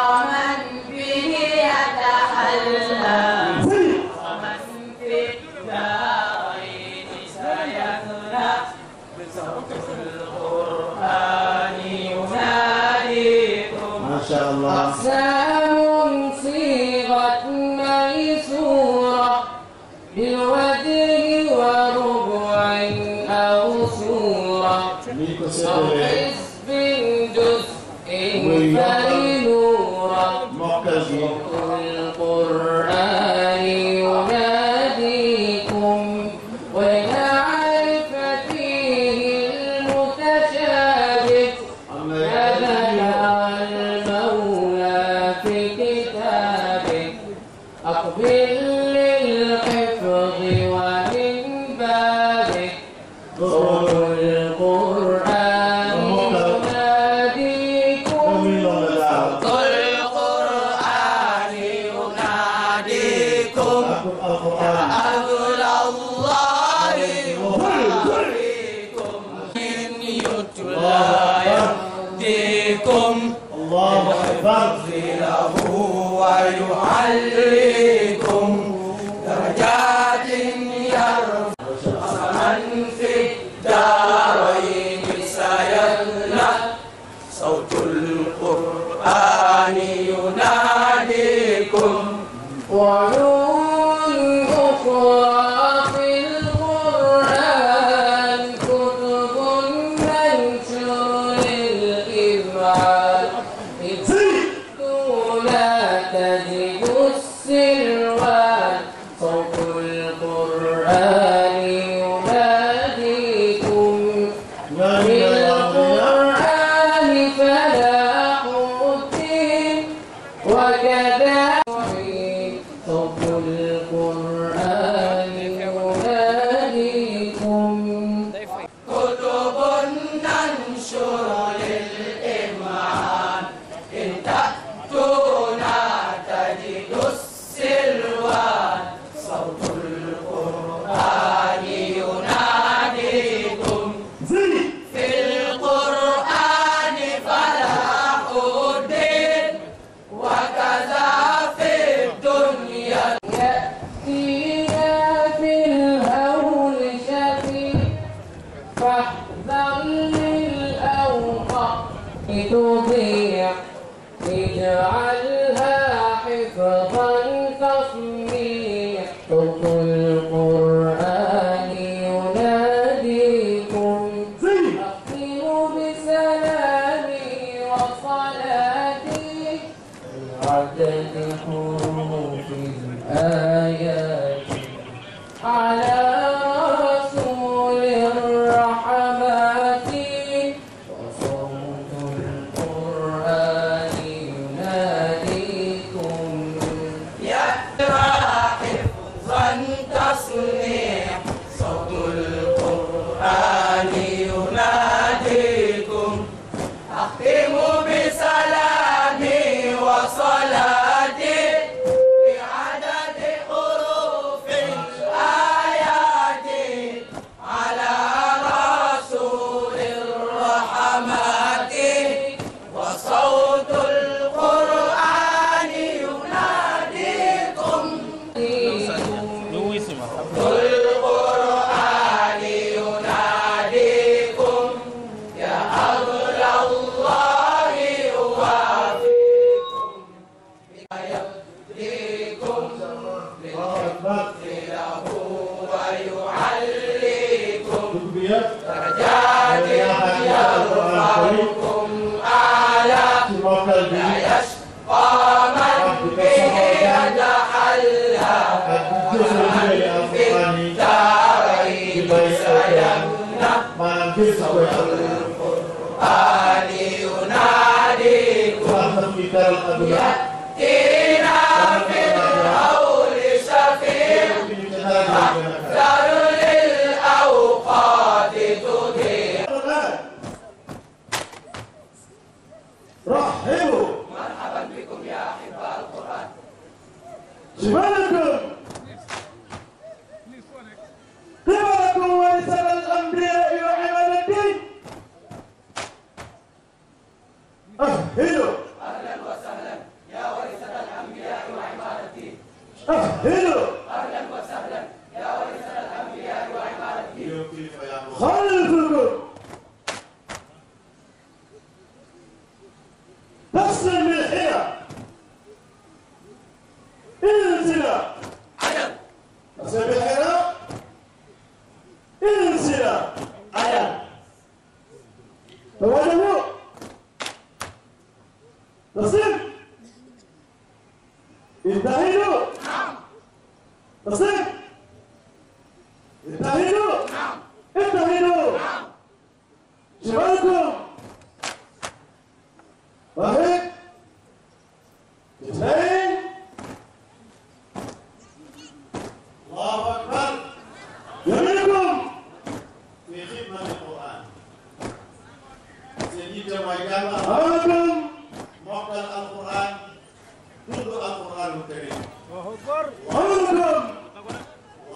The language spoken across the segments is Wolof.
ومن به يتحلى ومن في الدارين بصوت القرآن يناديكم ما شاء الله أقسام صيغة ميسورة بالوجه وربع أو سورة أو حزب جزء علي forever. وجعلنا الأولياء أهله أهلا وسهلا إيه إيه يا ورثة الأنبياء وعمارته خلف الرب فصل من الحيرة انزلا عدم فصل من الحيرة انزلا عدم فوجهوا نصيب انتهلوا نصيب التهيلوا نعم التهيلوا نعم شمالكم واحد اثنين الله اكبر يمينكم في خدمه القران سيدنا وإيانا هاكم مقبل القران كل القران الكريم الله اكبر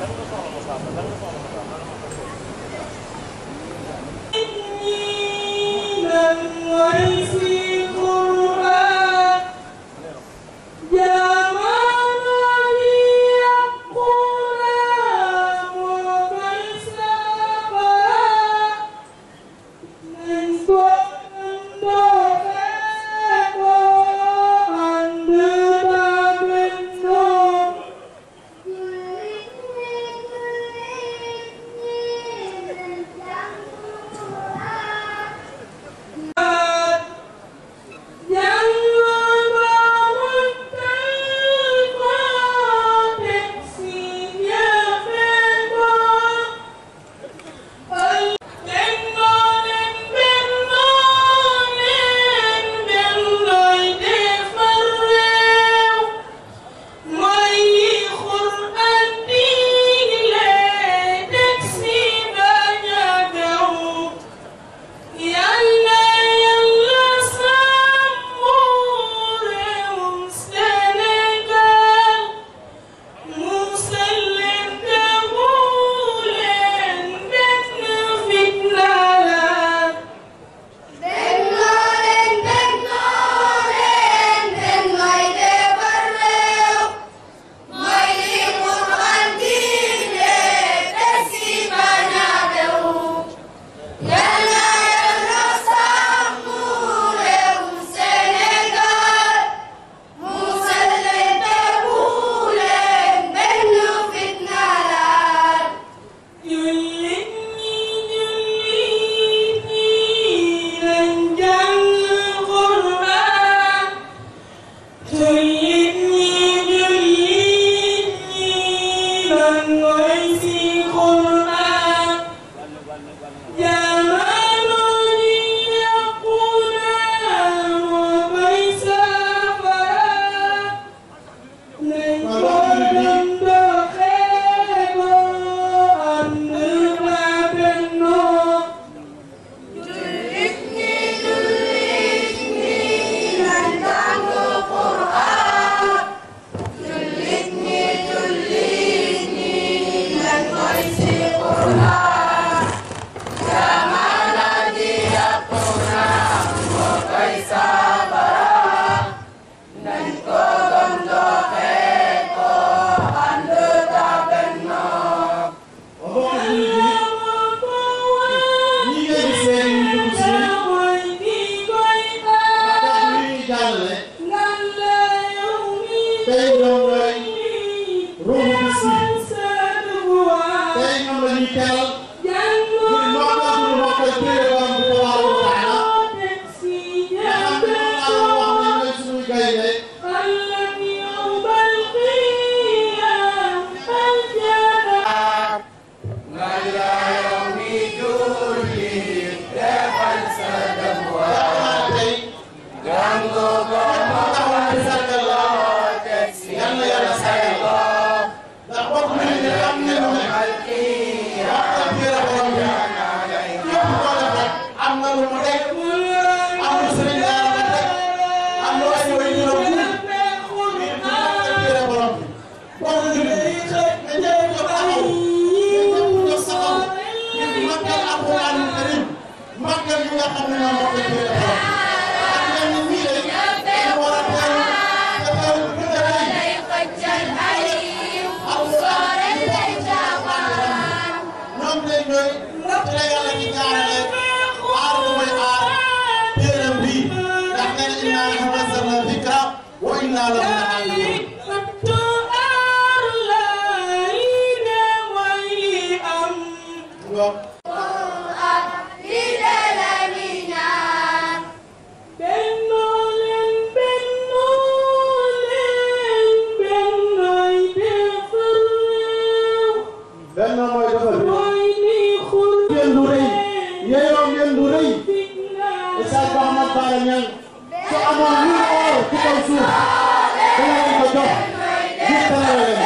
Ben de sorumuz var. Ben de sorumuz var. loolu mu teg am lu sëriñ daara ba teg am lu ay way juróom bu mais bu ñu ko téere borom bi bokk jullit bi dañ leen jox taxaw dañ leen jox saxaw ngir màggal alxuraanul karim màggal li nga xam ne moom moo ko téere borom ak leen ni ñii day dañu war a teew te teew bu gën a rëy ñoom day ñooy ci la yàlla di jaarale aar bu may aar téeram bi ndax nee na inna nahnu nazzalna dhikra wa inna lahu lahafidun benn mooy defar bi yeyoo ngeen lu rëy Oustaz Mouhamed Bara Niang su amoon lu or ci kaw suuf dana leen ko jox